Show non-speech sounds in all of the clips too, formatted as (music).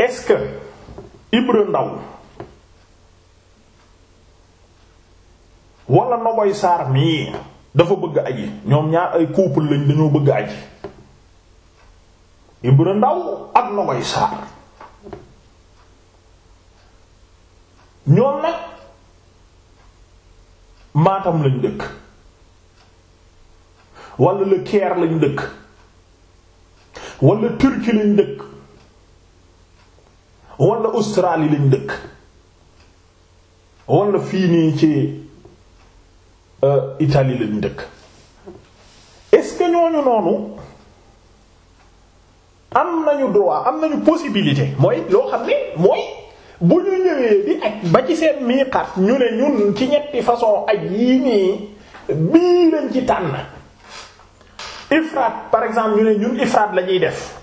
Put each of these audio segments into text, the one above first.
est-ce Ibra Ndaw wala Nogoy Sarr mii dafa bëgg aji ñoom ñaar ay couple lañ dañoo bëgg aji Ibra Ndaw ak Nogoy Sarr ñoom nag Matam lañ dëkk wala le Caire lañ dëkk wala Turquie lañ dëkk wala Australie lañ dëkk wala fii nii ci euh, Italie lañ dëkk est-ce que ñooñu noonu am nañu droit am nañu possibilité mooy loo xam ne mooy bu ñu ñëwee di aj ba ci seen miiqaat ñu ne ñun ci ñetti façon ak yii nii bii lañ ci tànn ifraat par exemple ñu ne ñun ifraat la def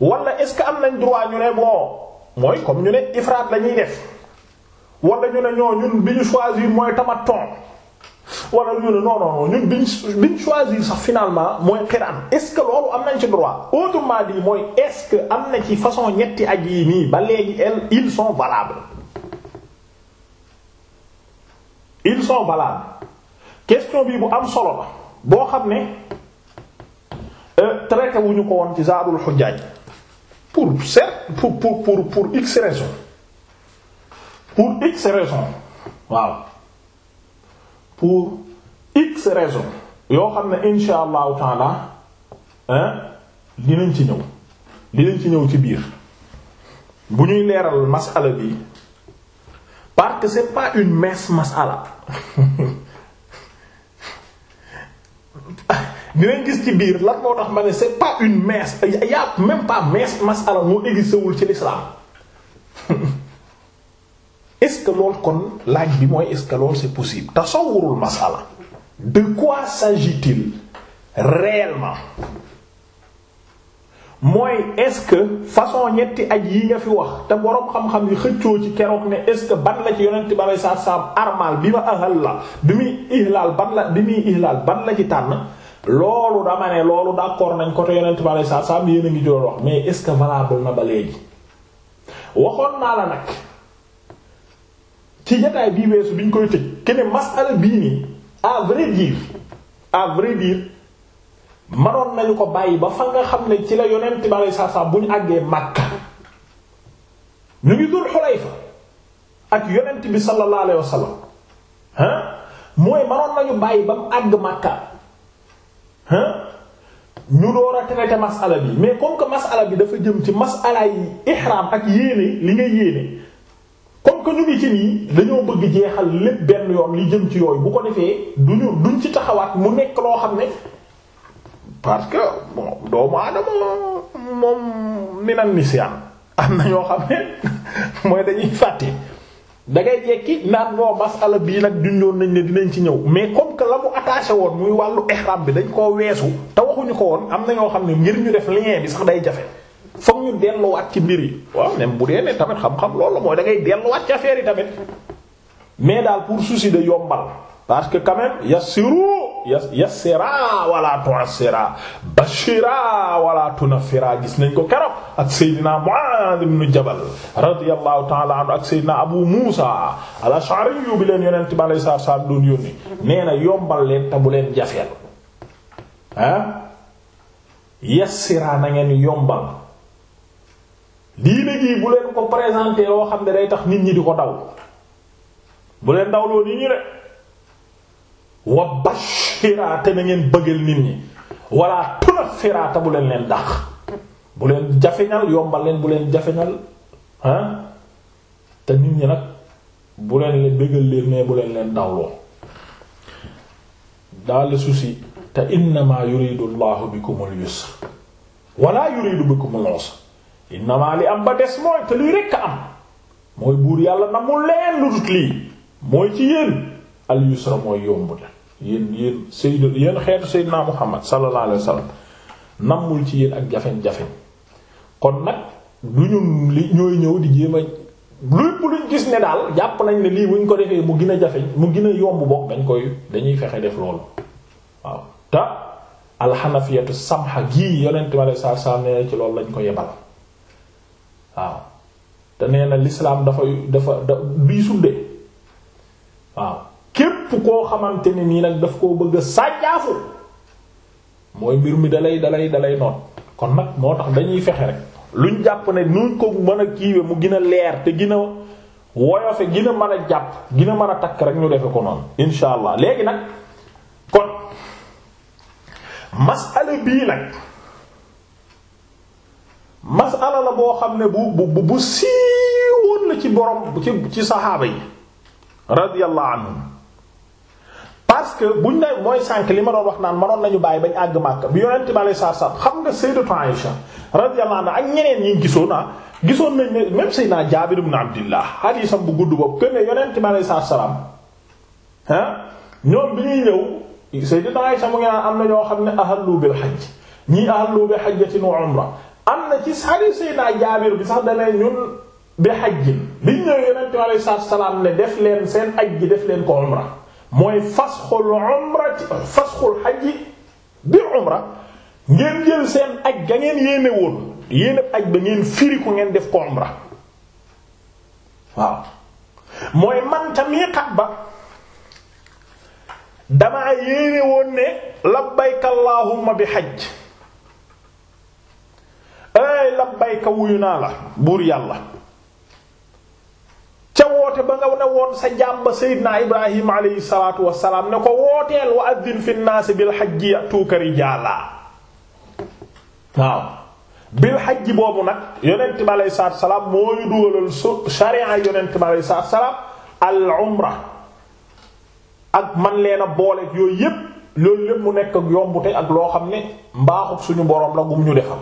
wala est-ce que am nañ droit ñu ne bon mooy comme ñu ne ifraat lañuy ñuy def wala ñu ne ñoo ñun bi ñu choisir mooy tamaton wala ñu ne non non ñun bi ñu bi ñu choisir sax finalement mooy xiraan est-ce que loolu am nañ ci droit autrement dit mooy est-ce que am na ci façon ñetti aj yi nii ba léegi elles ils sont valables ils sont valables question bii bu am solo la boo xam ne euh, traité wu ñu ko woon ci Zadul Hujjaj pour certes pour pour pour pour x raison pour x raison waaw pour x raison yoo xam ne insha allahu taala dinañ ci ñëw dinañ ci ñëw ci biir bu ñuy leeral masala bi parce que c'est pas une mince masala (laughs) dinañ gis ci biir lan moo tax ma ne c'est pas une messe y a même pas messe masala moo existewul ci l'islam (laughs) est-ce que loolu kon laaj bi mooy est-ce que loolu c'est possible tasawurul masala de quoi s'agit-il mooy est-ce que façon ñetti aj yi nga fi wax te boroom xam-xam yi xëccoo ci keroog ne est que ban la ci yonent bi alei saatu salaam bi ma ahal la bi muy ihlaal ban la bi muy ihlaal ban la ci tànn loolu dama ne loolu d'accord nañ côté yonent bi saa saa yéen a ngi doon wax mais est-ce que valable na ba léegi waxoon naa la nag ci jotaay bii weesu bi ñu koy tëj keneen masala bii nii à vrai dire manoon nañu ko bàyyi ba fa nga xam ne ci la yonent bi saa saa bu ñu àggee Makka ñu ngi dul Xulayfa ak yonent bi sallallahu alayhi wasallam mooy manoon nañu bàyyi ba mu àgg Makka. ñu door a traité bi mais comme que masala bi dafa jëm ci masala yi ihram ak yéene li nga yéene comme que ñu ngi ci nii dañoo bëgg jeexal lépp benn yoon li jëm ci yooyu bu ko defee ñu duñ ci taxawaat mu nekk loo xam ne parce que bon doomu aadama moom mi naan nisiyaan am na ñoo xam ne (laughs) mooy dañuy fàtte. da ngay jekki naan moo masala bii nag junjoon nañ ne dinañ ci ñëw mais comme que la mu attaché woon muy wàllu ihram bi dañ koo weesu te waxuñu ko woon am na ñoo xam ne ngir ñu def lien bi sax day jafe foog ñu delluwaat ci mbir yi waaw même bu dee ne tamit xam-xam la mooy da ngay delluwaat ci affaire yi tamit mais daal pour souci de yombal parce que quand ya yassiru yassira wala tu'assira bashira wala tunfira gis nañ ko keroog ak Seydina Mu'adh ibn Jabal radiyallahu ta'ala ak Seydina Abu Musa al-Ash'ari bi leen yonent leen te bu leen jafeel ah yassira na yombal diine gi bu leen ko présenté loo xam ne day tax nit ñi di ko daw bu leen dawloo nit ñi de wa bashiraate na ngeen bëggal nit ñi wala tunafiraata bu leen leen dax bu leen jafeñal yombal leen bu leen jafeñal ah te nit ñi nag bu leen leen bëggal leen mais bu leen leen dawloo daal souci te innama yuridu llahu bikumul yusr wala yuridu li am ba des mooy te luy rekk am mooy buur yàlla namul leen lu lii mooy ci yéen al yusra mooy yomb de yéen yéen sayyid yéen xeetu sayyidina Muhammad sallallahu alayhi wasallam nammul ci yéen ak jafeñ-jafeñ kon nag du ñun li ñooy ñëw di jéem a lépp luñ gis ne daal jàpp nañ ne lii buñ ko defee mu gën a jafeñ mu gën a yomb bokk dañ koy dañuy fexe def loolu waaw te alxanafiyatu samha gii yonent ma lay saa saa nee ci loolu lañ ko yebal waaw te nee na l'islam dafa dafa da bii waaw képp koo xamante ne nii nag daf koo bëgg a sàjjaafu mooy mbir mi dalay dalay dalay noot kon nag moo tax dañuy fexe rek luñ jàpp ne nuñ ko mën a kiiwe mu gën a leer te gina a woyofe gina man a jàpp gina man a takk rek ñu defe ko noonu insha allah léegi nag kon masala bii nag masala la boo xam ne bu bu bu siiwoon la ci borom ci ci saxaaba yi radiyallahu anhum parce que buñ ne mooy sànk li ma doon wax naan manoon nañu bàyyi bañ àgg Makka bi yonent ma lay saar saar xam nga sayyidatu Aïsha radiyallahu anha ak ñeneen ñi gisoon ah gisoon nañ ne même sayyidina Jaabir ibn Abdillah hadisam bu gudd boobu que ne yonent ma lay saar salaam ah ñoom bi ñuy ñëw sayyidatu Aïsha mu ngi naan am na ñoo xam ne ahallu bil hajj ñii ahallu bi hajjatin wa umra am na ci hadis sayyidina Jaabir bi sax dana ñun bi hajjin biñ ñëw yonent ma lay saar salaam ne def leen seen aj gi def leen ko umra mooy fasxul umra fasxul xaj bi umra ngeen jël seen aj ga ngeen yéene woon yéene aj ba ngeen firi ko ngeen def ko umra waaw mooy man ca miiqaat ba damaa yéene woon ne labbayka bi xaj ay labbayka wuyu naa la buur yàlla woote ba nga ne woon sa jàmba Seydina Ibrahim alayhi salaatu wa salaam ne ko wooteel wa addin fi naasi bil hajji ya'tuuka rijaalaa waaw bil hajji boobu nag yonent bi alayhi salaam moo ñu dugalal su sharia yonent bi alayhi salaam al umra ak man leena a yooyu yépp loolu lépp mu nekk ak yombute ak loo xam ne mbaaxut suñu boroom la ñu defal.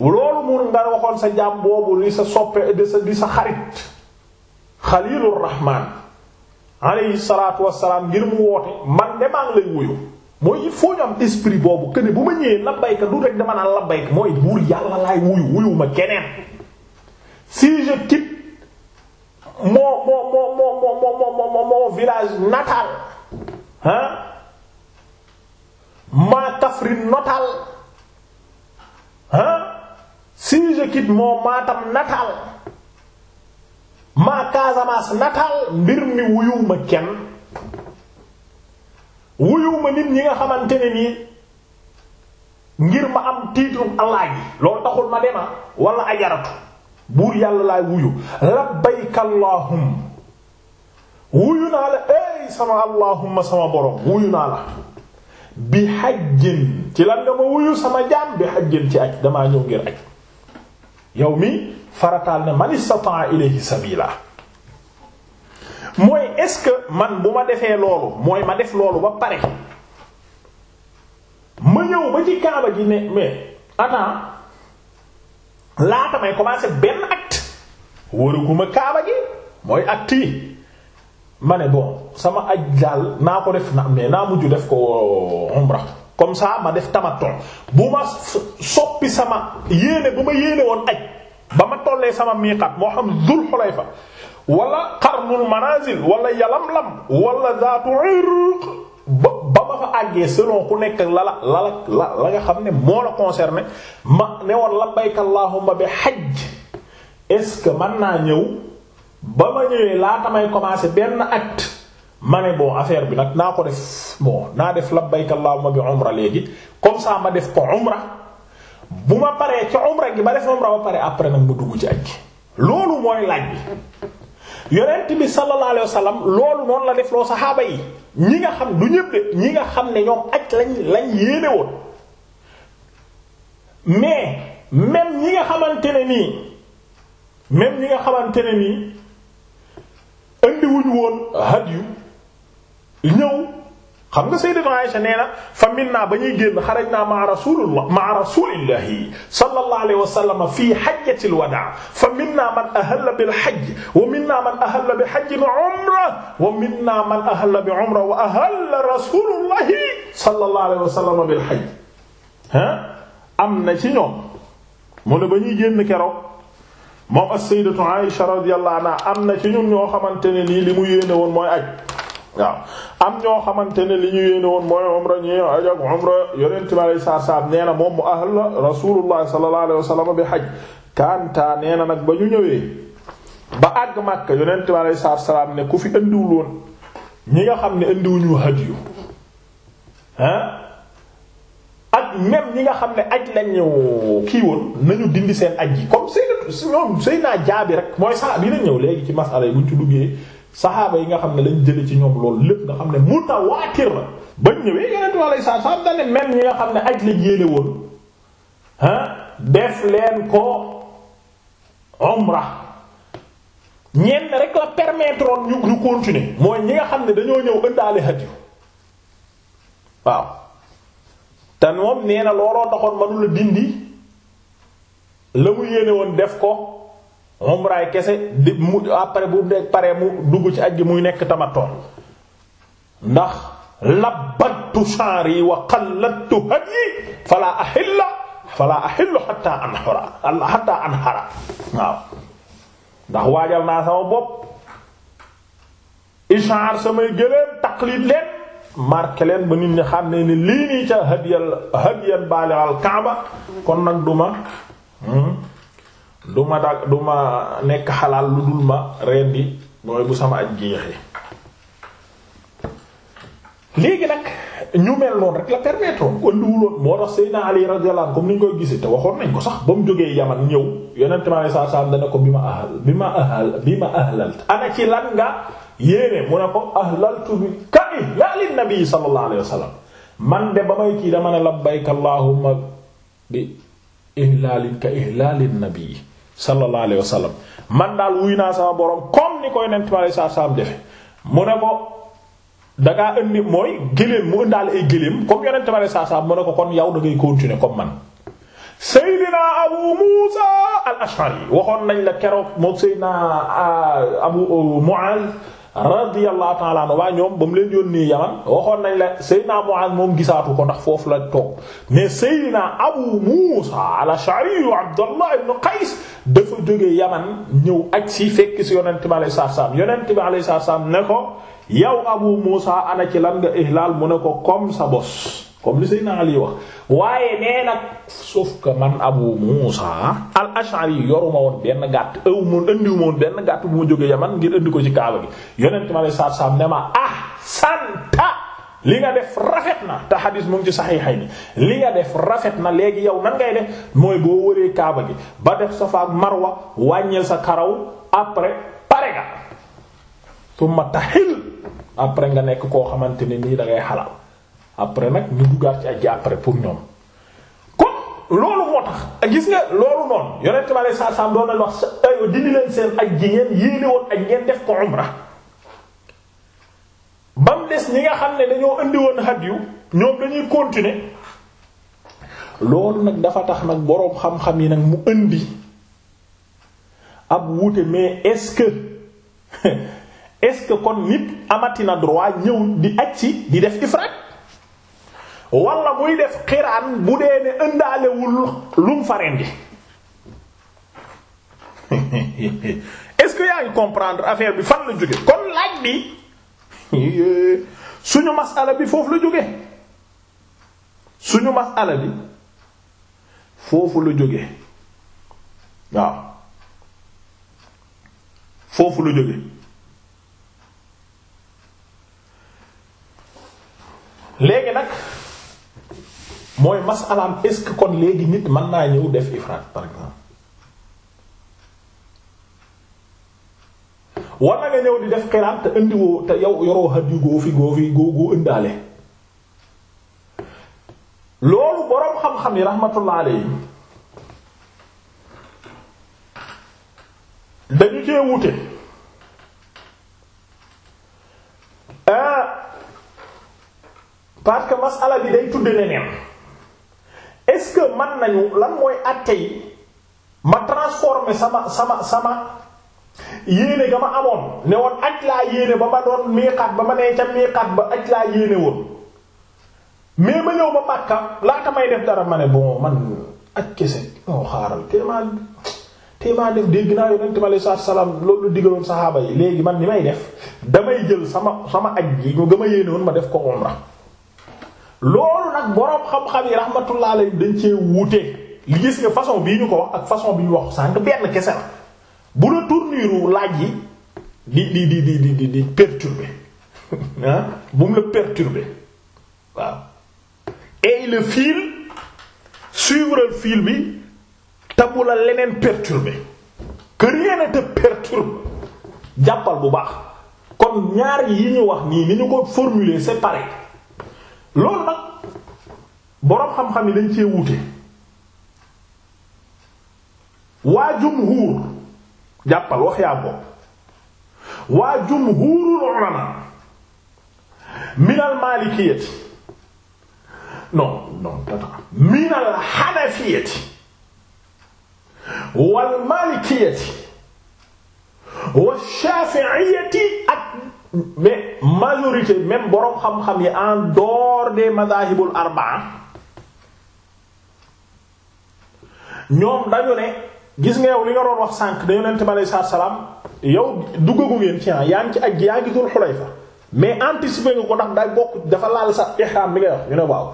loolu mun nga waxoon sa jaam boobu li sa soppe di sa di sa xarit xaliilur rahmaan alayhi salaatu wassalaam ngir mu woote man de lay wuyu mooy il faut ñu esprit boobu que ne bu ma ñëwee labbayka du rek dama naan labbayka mooy buur yàlla laay wuyu wuyu ma keneen si je quitte mon mon mon mon mon mon mon mon village natal hein ma Kaffrine natal hein si je quitte mon Matam natal ma Casamance natal mbir mi wuyuwuma kenn wuyuwuma nit ñi nga xamante ni nii ngir ma am titre Allah ji loolu taxul ma dema wala ajaratu buur yàlla laay wuyu labbayka wuyu naa la ey sama allahumma sama borom wuyu naa la bi xajjin ci lan nga ma wuyu sama jaam bi xajjin ci aj damaa ñëw ngir aj yow mi farataal ne man istata'a ilayhi sabila mooy est-ce que man bu ma defee loolu mooy ma def loolu ba pare ma ñëw ba ci kaaba ji ne mais attends laata may commencer benn acte waruguma kaaba gi mooy acte yi ma ne bon sama aj daal naa ko def na mais naa mujj def ko umra comme sa ma def tamattu bu ma soppi sama yéene bu ma yéene woon aj ba ma tollee sama miiqaat moo xam Dul Xulayfa wala qarnul manazil wala yalamlam wala zaatu irq ba ba ma fa àggee selon ku nekk la la la la nga xam ne moo la concerné ma ne woon labbayka allahumma bi hajj est-ce que man naa ñëw ba ma ñëwee laata may commencer benn at ma boo bon affaire bi nag naa ko def bon naa def labbayka allahumma bi umra léegi comme ça ma def ko umra bu ma paree ci umra gi ba def umra ba pare après nag mu dugg ci aj loolu mooy laaj bi yonent bi sallallahu alayhi loolu noonu la def loo saxaaba yi ñi nga xam du ñëpp ñi nga xam ne ñoom aj lañ lañ yéene woon mais ñi nga xamante ne nii même ñi nga xamante ne nii indiwuñu woon hadyu ñëw xam nga sayyidatu Aisha nee na fa minna ba ñuy génn xarajna ma rasulillah ma rasulillahi sallallahu alayhi wa sallam fi hajjatil wadaa fa minna man ahalla bil hajj wa minna man ahalla bi hajjin umra wa minna man ahalla bi umra wa ahalla rasulullahi sallallahu alayhi wa sallam bil hajj am na ci ñoom mu ne ba ñuy génn keroog moom as-sayyidatu Aisha radiyallahu anha am na ci ñun ñoo xamante ne nii li mu yéene woon mooy aj waaw am ñoo xamante ne li ñu yéene woon mooy umra ñi aj ak umra yonent bi alayhi salaatu salaam nee na moom mu ahal la rasulullah sallallahu alayhi wasallam bi hajj kanta nee na nag ba ñu ñëwee ba àgg Makka yonent bi alayhi salaatu salaam ne ku fi indiwul woon ñi nga xam ne indiwuñu hadiyu ah ak même ñi nga xam ne aj lañu kii woon nañu dindi seen aj yi comme Seydina ñoom Seydina rek mooy saa bi na ñëw léegi ci masala yi buñ ci duggee saxaaba yi nga xam ne lañ jële ci ñoom loolu lépp nga xam ne mutawaatir la bañ ñëwee yeneen nga xam ne aj lañ yéene woon ah def leen ko umra ñenn rek la permettre ñu ñu continuer mooy ñi nga xam ne dañoo ñëw ëndaale haj yu waaw te moom nee na looloo taxoon mënu dindi la mu yéene woon def ko. umraay kese di mu après bu dee pare mu dugg ci ajj muy nekk tamatoon ndax labbantu sha'ri wa qallattu hadyi fala ahilla fala ahillu hatta anhara hatta anhara waaw ndax waajal naa sama bopp ishaar samay gëléem taqlid leen marqué leen ba nit ñi xam ne ni lii nii ca hadiyal hadiyal baal al kaaba kon nag duma hmm, du ma dagg du ma nekk xalaat lu dul ma rendi mooy bu sama aj jeexee léegi nag ñu mel noonu rek la permettre ko ëndiwuloon moo tax Seydina Ali radiyallahu anhu comme ni ñu koy gisee te waxoon nañ ko sax ba mu jógee yaman ñëw yonent mi alayhi salaatu salaam dana ko bi ma ahal bi ma ahal bi ma ahlalt ana ci lan nga yéene mu ka ihlaalin nabi sallallahu sallallahu alayhi wa man daal wuy naa sama borom comme ni koy nent ma saa saam defe mu ne ko dangaa indi mooy géléem mu indaale ay géléem comme yonent ma saa saam mu ne ko kon yow da ngay continuer comme man Seydina Abu Musa al-Ash'ari waxoon nañ la keroog moom Seydina euh, Abu euh, Mu'adh radiyallahu ta'ala anhu waa ñoom ba mu leen yónnee yaman waxoon nañ la Seydina Mu'aaz moom gisaatu ko ndax foofu la toog mais Seydina Abu Muusa al-Ash'ari Abdallah ibn Qays dafa jóge yaman ñëw ak si fekk si yonent bi alayhi salaatu salaam yonent bi alayhi salaatu salaam ne ko yow Abu Muusa ana ci lan nga ihlaal mu ne ko comme sa bos comme li Seydina Ali wax waaye nee nag sauf que man Abu Muusa al-Ash'ari yoruma woon benn gàtt ëw moon andiwu moon benn gàtt bu ma jógee Yaman ngir indi ko ci kaaba gi yonent ma lay saat saam ne ma ah santa li nga def rafet na te xadis mu ngi ci saxiixay ni li nga def rafet na léegi yow nan ngay def mooy boo wëree kaaba gi ba def Safa ak Marwa wàññil sa karaw après pare nga tumma tahil après nga nekk koo xamante ne nii da ngay xalaal après nag ñu duggaat ci aj gi après pour ñoom kon loolu moo tax gis nga loolu noonu yonent bi aleyhi salaatu salaam doon nañ wax dindi leen seen aj gi ngeen yéene woon ak ngeen def ko umra ba mu des ñi nga xam ne dañoo indi woon hadyu ñoom dañuy continuer loolu nag dafa tax nag boroom xam-xam yi nag mu indi ab wuute mais est-ce que (laughs) est-ce que kon nit amati na droit ñëw di aj ci di def ifraat wala muy def xiraan bu dee ne ëndaalewul lu mu fa rendi (laughs) est-ce que yaa ngi comprendre affaire bi far la jóge kon laaj bi (laughs) suñu masala bi foofu la jóge suñu masala bi foofu la jóge waaw foofu la jóge léegi nag mooy masalaam est-ce kon léegi nit man naa ñëw def ifraat par exemple war na nga ñëw di def xiraan te indiwoo te yow yoroo xat yu goo fi goo fi goo goo indaale loolu boroom xam-xam yi rahmatullah alayhi dañu cee wute euh, parce que masala bi day tudde est-ce que man nañu lan mooy àtte yi ma transformer sama sama sama yéene ga ma amoon ne woon aj laa yéene ba ma doon miiqaat ba ma nee ca miiqaat ba aj laa yéene woon mais ma ñëw ma Makka laata may def dara ma ne bon man ak kese non xaaral téemaa téemaa def dégg naa yonent bi aleyhi salaatu salaam loolu digaloon saxaaba yi léegi man ni may def damay jël sama sama aj gi ñu gëm a yéene woon ma def ko umra loolu nag boroom xam-xam yi rahmatullah alayhi dañ cee wuute li gis nga façon bii ñu ko wax ak façon bi ñu wax sànq benn kese la bu la tournure laaj yi di di di di di di perturber (laughs) bu mu la perturber waaw et le fil suivre le fil bi te bu la leneen perturber que rien perturbe jàppal bu baax kon ñaar yi ñu wax nii ni ñu ko formuler c'est loolu nag boroom xam-xam yi dañ cee wute waa jumhuur jàppal wax yaa bopp waa jumhuurul ulama minal maalikiyati non non tata minal xanafiyati wal maalikiyati wa shaafi'iyati ak mais majorité même boroom xam-xam yi en dehors des madahibul arbaa ñoom dañu ne gis nga yow li nga doon wax sànq dañu nent bi alei salaam yow duggagu ngeen ci ah, yaa ngi ci ak yaa ngi dul xulayfa mais anticiper nga ko ndax day bokk dafa laal sa ihram bi nga wax ñu ne waaw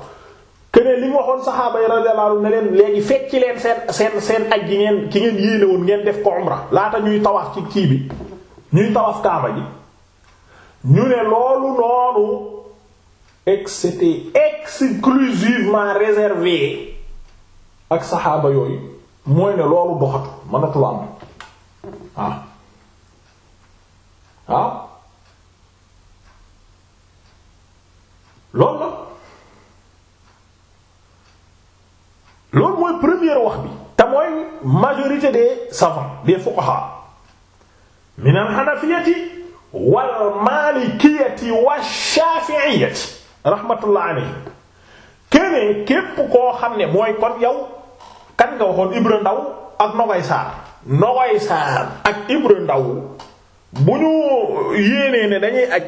keneen li waxoon saxaaba yi radiyallahu anhum ne leen léegi fecc leen seen seen seen aj gi ngeen ki ngeen yéene ngeen def ko umra laata ñuy tawaaf ci kii bi ñuy tawaaf kaaba ñu ne loolu noonu c'était exclusivement réservé ak saxaaba yooyu mooy ne loolu doxatu mënatula am waaw ah. ah. waaw loolu la loolu mooy première wax bi te mooy majorité des savants des fuqaha min al-hanafiyyati wal maalikiyati wa shaafi'iyati rahmatullah alayhi keneen képp koo xam ne mooy kon yow kan nga waxoon Ibra Ndaw ak Nogoy Saar Nogoy Saar ak Ibra Ndaw bu ñu yéenee ne dañuy aj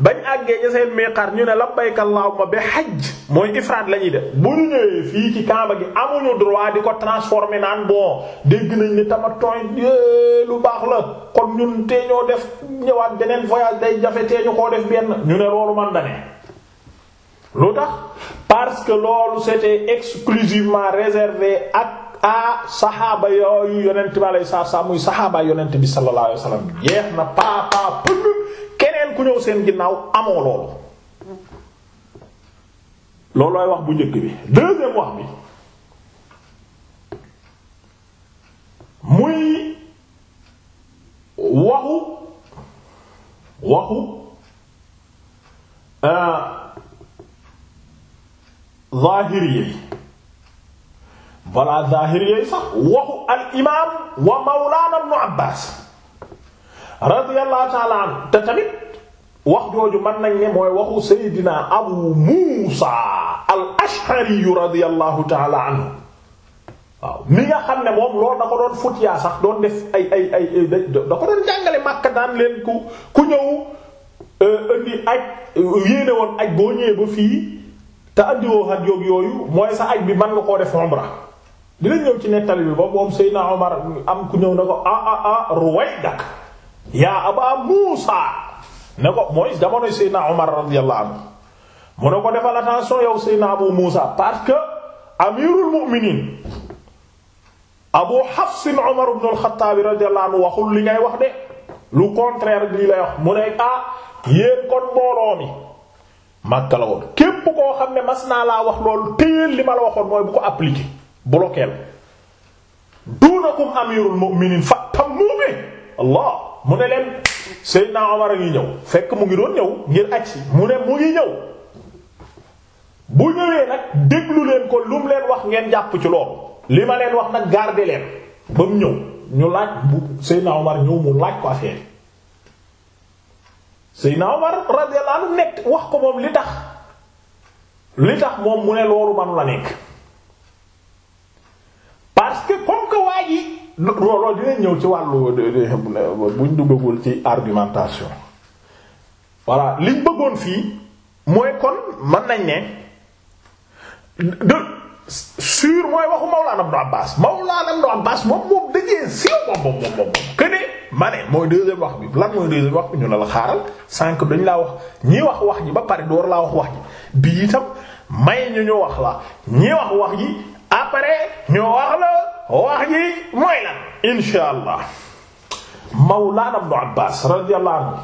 bañ àggee ca seen miqaat ñu ne labbayka allahumma bi hajj mooy ifraad la ñuy def bu ñu ñëwee fii ci kaaba gi amuñu droit di ko transformer naan bon dégg nañ ni tamatooy eh, lu baax la kon ñu tee ñoo def ñëwaat beneen voyage day jafe tee ñu koo def benn ñu ne loolu man lu tax parce que loolu c'était exclusivement réservé ak ah saxaaba yooyu yonent bi alayhi salaatu salaam muy saxaaba yonent bi sallallahu alayhi wasallam jeex na paa paa keneen ku ñëw seen ginnaaw amoo loolu loolooy wax bu njëkk bi deuxième wax bi muy waxu waxu euh, zahiri yi balaa zahiri sax waxu al wa mawlaana ibnu Abbaas radiyallahu ta'ala anhu te tamit wax jooju mën nañ ne mooy waxu Seydina Abu Muusa al-Ash'ari radiyallahu ta'ala anhu waaw mi nga xam ne moom loolu da ko doon futiyaa sax doon def ay ay ay da ko doon jàngale Makka daan leen ku ku ñëw euh, indi euh, woon aj boo ñëwee ba fii te andiwoo xaj yoog yooyu mooy sa aj bi man nga koo def umra dina ñëw ci nettali bi ba moom Seydina Omar am ku ñëw na ko ah ah ah Ruwaydak yaa aba muusa ne ko mooy jamonoy seydna omar radiyallahu mu ne ko defal attention yow seydna abu muusa parce que amirul mu'minin abu hafsin omar ibn al-khattab radiyallahu waxul li ngay wax de lu contraire bi lay wax mu ne ah yéen kon mbooloo mi màkka la woon képp koo xam ne mas naa laa wax loolu téyeel li ma la waxoon mooy bu ko appliquer bloquer la dunakum amirul mu'minin fattamuhu allah mu ne leen Seydina Omar a ngi ñëw fekk mu ngi doon ñëw ngir aj mu ne mu ngi ñëw bu ñëwee nag déglu leen ko lu mu leen wax ngeen jàpp ci loolu li ma leen wax nag garder leen ba mu ñëw ñu laaj bu Seydina Omar ñëw mu laaj ko affaire Seydina Omar radiyallahu anhu nekk wax ko moom li tax li tax moom mu ne loolu manu la nekk parce que comme que waa ji looloo dinañ ñëw ci wàllu buñ duggagul ci argumentation voilà liñ bëggoon fii mooy kon mën nañ ne de sûr mooy waxu Mawlaana Ibnu Abbaas Mawlaana Ibnu Abbaas moom moom dajee siiw moom moom moom que ne ma ne mooy deuxième wax bi lan mooy deuxième wax bi ñu ne la xaaral sànq dañ laa wax ñii wax wax ji ba pare door laa wax wax bii itam may ñu ñu wax la ñii wax wax ji. après ñoo wax la wax ji mooy la insha allah mawlana ibn abbas radiyallahu anhu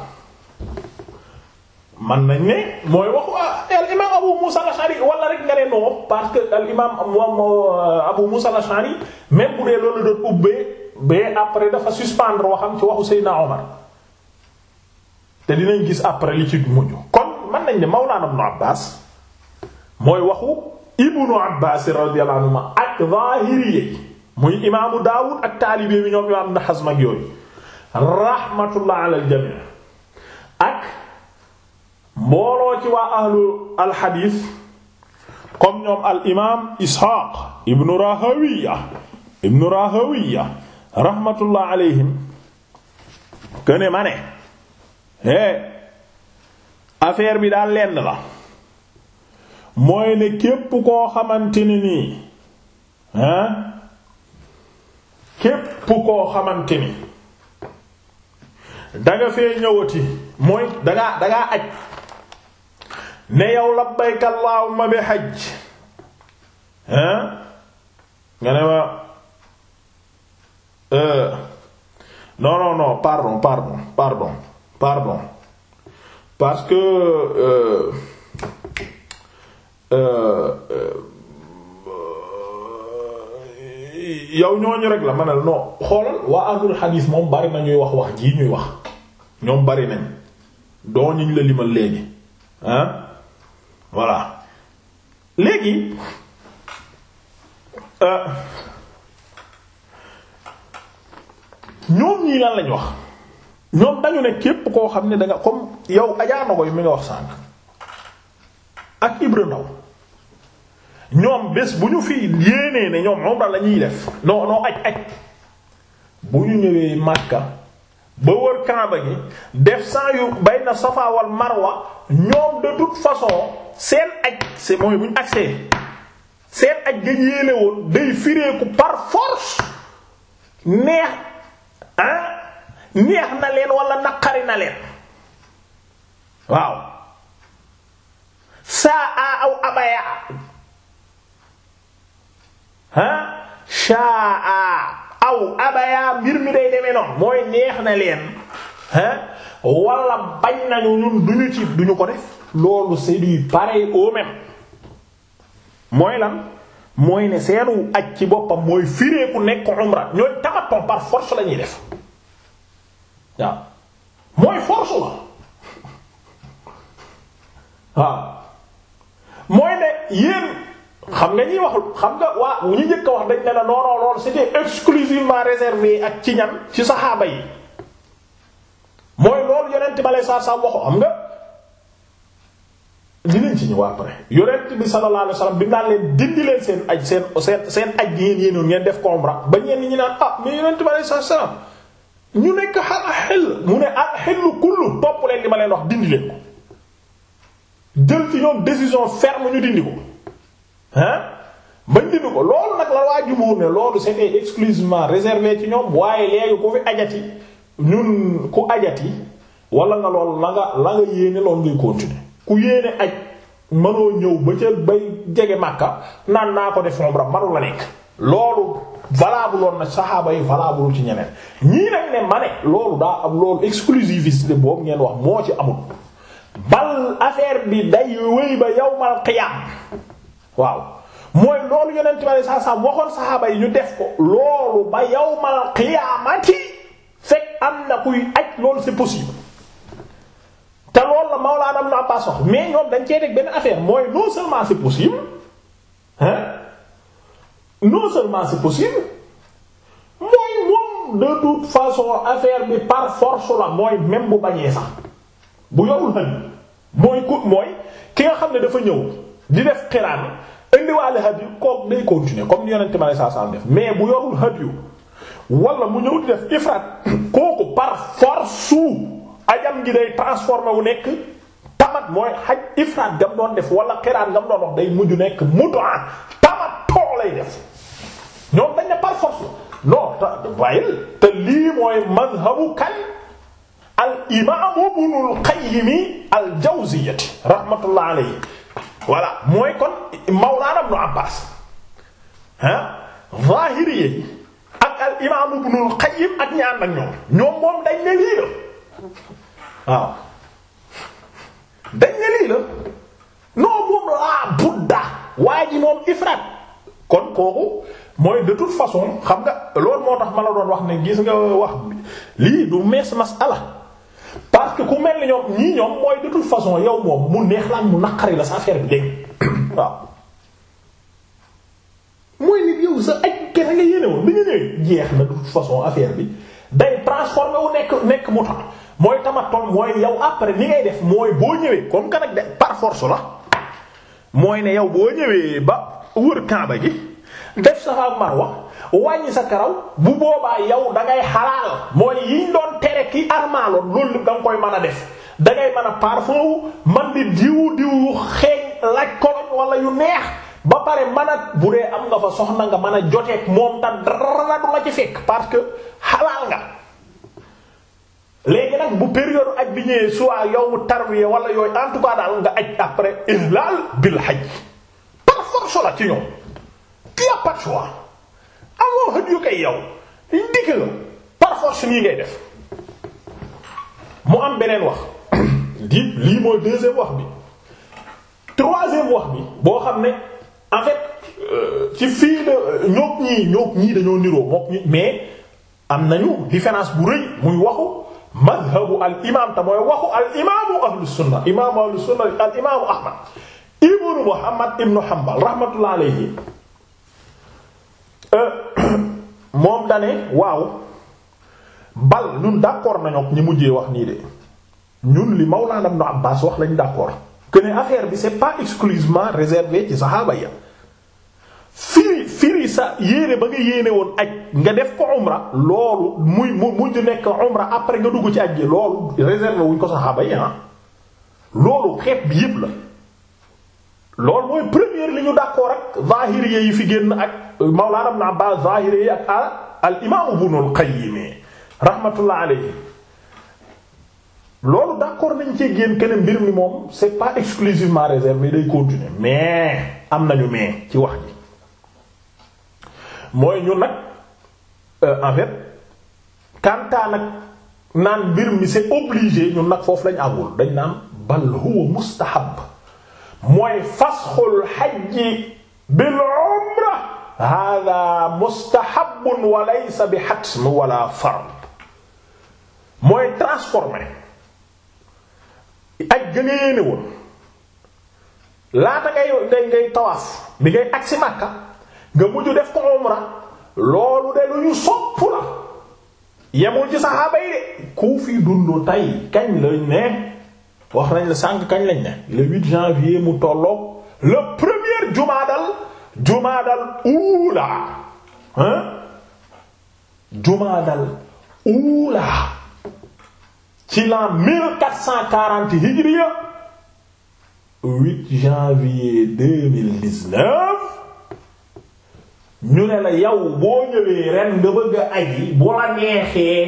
man nañ ne mooy waxu ah, al imam abu musa al-ashari wala rek nga ne non parce que al imam euh, abu musa al-ashari même bu dee loolu doon ubbee bee après dafa suspendre waxam ci waxu seydina omar te dinañ gis après li ci mujj kon man nañ ne mawlana ibn abbas mooy waxu ibnu Abbaas radiyallahu anhuma ak zaahiri muy imaamu Daawud ak taalibe bi ñoom imaam Ibn rahmatullah ala al jamii ak mbooloo ci waa ahlu alxadiis comme ñoom al imaam Isxaaq ibnu Rahawiya rahmatullah alayhim que ne ma eh, bi daal lenn la. mooy ne képp koo xamante ne nii ah képp koo xamante ni danga fee ñëwati mooy dangaa dangaa aj ne yow labbayka allahumma bi hajj ah nga ne ma euh, non non non pardon pardon pardon pardon parce que. Euh, Euh, euh, euh, yow ñooñu rek la ma ne non xoolal waa ahlul xadiis moom bari na ñuy wax wax jii ñuy wax ñoom bari nañ doo ñu la limal léegi ah voilà léegi ñoom ñii lan lañ wax ñoom dañu ne képp koo xam ne da nga comme yow ajaana ko yi mi ngi wax sànk ak Ibra Ndaw ñoom bés bu ñu fi yéenee ne ñoom umra la ñuy def non non aj aj bu ñu ñëwee Makka ba wër Kaaba gi def saa yu bayna Safa wal Marwa ñoom de toute façon seen aj c'est mooy bu ñu accès seen aj ga yéene woon day fireeku par force neex ah neex na leen wala naqari na leen waaw saa a aw abaya ha shaa aw abaya mbir mi day demee noonu mooy neex na leen ha wala bañ nañu ñun duñu ci duñu ko def loolu c'est du pareil au mooy lan mooy ne seenu aj ci boppam mooy firee ku nekk umra ñooy tamatton par force lañuy def mooy force la waaw mooy ne yéen xam nga ñuy wax xam nga waa ñu njëkk a wax dañ ne la non non lool c'était exclusivement ci ñan ci saxaaba yi loolu yonent ba lay saa saa xam nga dinañ ci ñëw après yonent bi bi naan dindi leen seen aj seen seen seen aj gi ngeen ngeen def ko umra ba ñenn ñi naan ah mais yonent bi alayhi salaam ñu nekk xanaa mu ne ah xelu kullu topp leen li ma dindi leen jël ci ñoom décision ferme ñu dindi ko. hein ba ndinu ko loolu nag la waa jumóor ne loolu c'était exclusivement réservé ci ñoom waaye léegi ku fi ajati ñun ku ajati wala nga lool la nga la nga yéene loolu ngay continuer ku yéene aj mënoo ñëw ba ca bay jege màkka naan naa ko def umra manu la nekk loolu valable woon na saxaaba yi valable ci ñeneen ñii nag ne ma ne loolu daa am loolu exclusivité boobu ngeen wax moo ci amul bal affaire bi day wéy ba yawmal qiyaam waaw mooy loolu yonent bi saa saa waxoon saxaaba yi ñu def ko loolu ba yow yawmal qiyaamati fekk am na kuy aj loolu c'est possible te loolu la Mawlaana Ibn Abbaas wax mais ñoom dañ cee teg benn affaire mooy non seulement c'est possible hein non seulement c'est possible mooy moom de façon affaire bi par la mooy même bu bañee sax bu yorul hën mooy ku mooy ki nga xam ne dafa ñëw di def xiraan indiwaale hadiyu kook day continuer comme ni yonente mi aleye saa salaam def mais bu yorul hadiyu wala mu ñëw di def ifrat kooku par ajam gi day transformé wu nekk tamat mooy xaj ifrat gam doon def wala xiraan gam doon wax day mujj nekk mutaa tamat too lay def ñoom dañ ne par force te bàyyil te lii mooy mazhabu kan al imaamu ibnul qayyim al jawziyati rahmatullah alayhi voilà mooy kon Mawlaana Ibnu Abbaas ah Zaahiri ak al imaam Ibnul Qayyim ak ñaan ak ñoom ñoom moom dañ ne lii la waaw dañ ne lii la non moom laa budda waa ji moom ifraat kon kooku mooy de toute façon xam nga loolu moo tax ma la doon wax ne gis nga wax lii du mees masala parce que ku mel ni ñoom ñii ñoom mooy de toute façon yow moom mu neex la mu naqari la sa affaire bi dégg waaw. mooy nit yow sa aj kese nga yéene woon bi nga jeex na de toute façon affaire bi day transformé wu nekk nekk mu tax mooy tamatoon mooy yow après ni ngay def mooy boo ñëwee comme que nag de par force la mooy ne yow boo ñëwee ba wër Kaaba gi def Safa ak Marwa. wàññi sa karaw bu boobaa yow da ngay xalaal mooy yiñ doon tere ki armaaloon loolu lépp da nga koy mën a def da ngay a parfum wu man di diwu diwu xeeñ laaj koloñ wala yu neex ba pare mën bu dee am nga fa soxna nga mën a joteeg moom tam dara ci fekk parce que xalaal nga léegi nag bu période aj bi ñëwee soit yow mu tarwiye wala yooyu en daal nga aj après ihlal bil hajj par force ci ñoom il y a amoo xët yu koy yow ndikk la par force nii ngay def mu am beneen wax (coughs) di lii mooy deuxième wax bi troisième wax bi boo xam ne en fait euh, ci fii de ñoog ñii ñoog ñii dañoo niroo mook ñi mais am nañu différence bu rëy muy waxu madhabu al imam mooy waxu al imaamu ahlu sunna imaamu ahmad ibnu muhammad ibnu hanbal rahmatullah alayhi Euh, (coughs) moom dane waaw bal ñun d'accord nañu ak ñi mujjee wax nii de ñun li Mawlana Ibn Abbas wax lañu d'accord que ne affaire bi c'est pas exclusivement réservé ci saxaaba ya firi firi sa yéene ba nga yéene woon ak nga def ko umra loolu muy mu mujj nekk umra après nga dugg ci aj ji loolu réservé wuñ ko saxaaba ya ah. loolu xeet bi yépp la loolu mooy première li ñu d'accord ak zahiriyé yi fi génn ak Mawlana Ibn Abbas zahiriyé yi ak al imaam Ibn al-Qayyim rahmatullah alayhi loolu d'accord nañ cee génn keneen mbir mi moom c'est pas exclusivement réservé day continuer mais am na ñu mais ci wax ji mooy ñun nag euh, en fait kantaa nag naan mbir mi c'est obligé ñun nag foofu lañ àggul dañ naan bal huwa mustahab mooy fasxul xajji bil umra hada mustahabun wa laysa bi hatm wala fard mooy transformer aj gën a yéene woon laata ngay ngay ngay tawaaf bi ngay agsi Makka nga def ko umra loolu de lu ñu sopp la yemul ci saxaaba de ku fi dund tey kañ lañ ne wax nañ la sànq kañ lañ ne le 8 janvier mu tolloog le premier jumaadal jumaadal uula hein jumaadal uula ci l'an 1440 hijriya janvier ñu ne la yow boo ñëwee ren nga bëgg a bu la neexee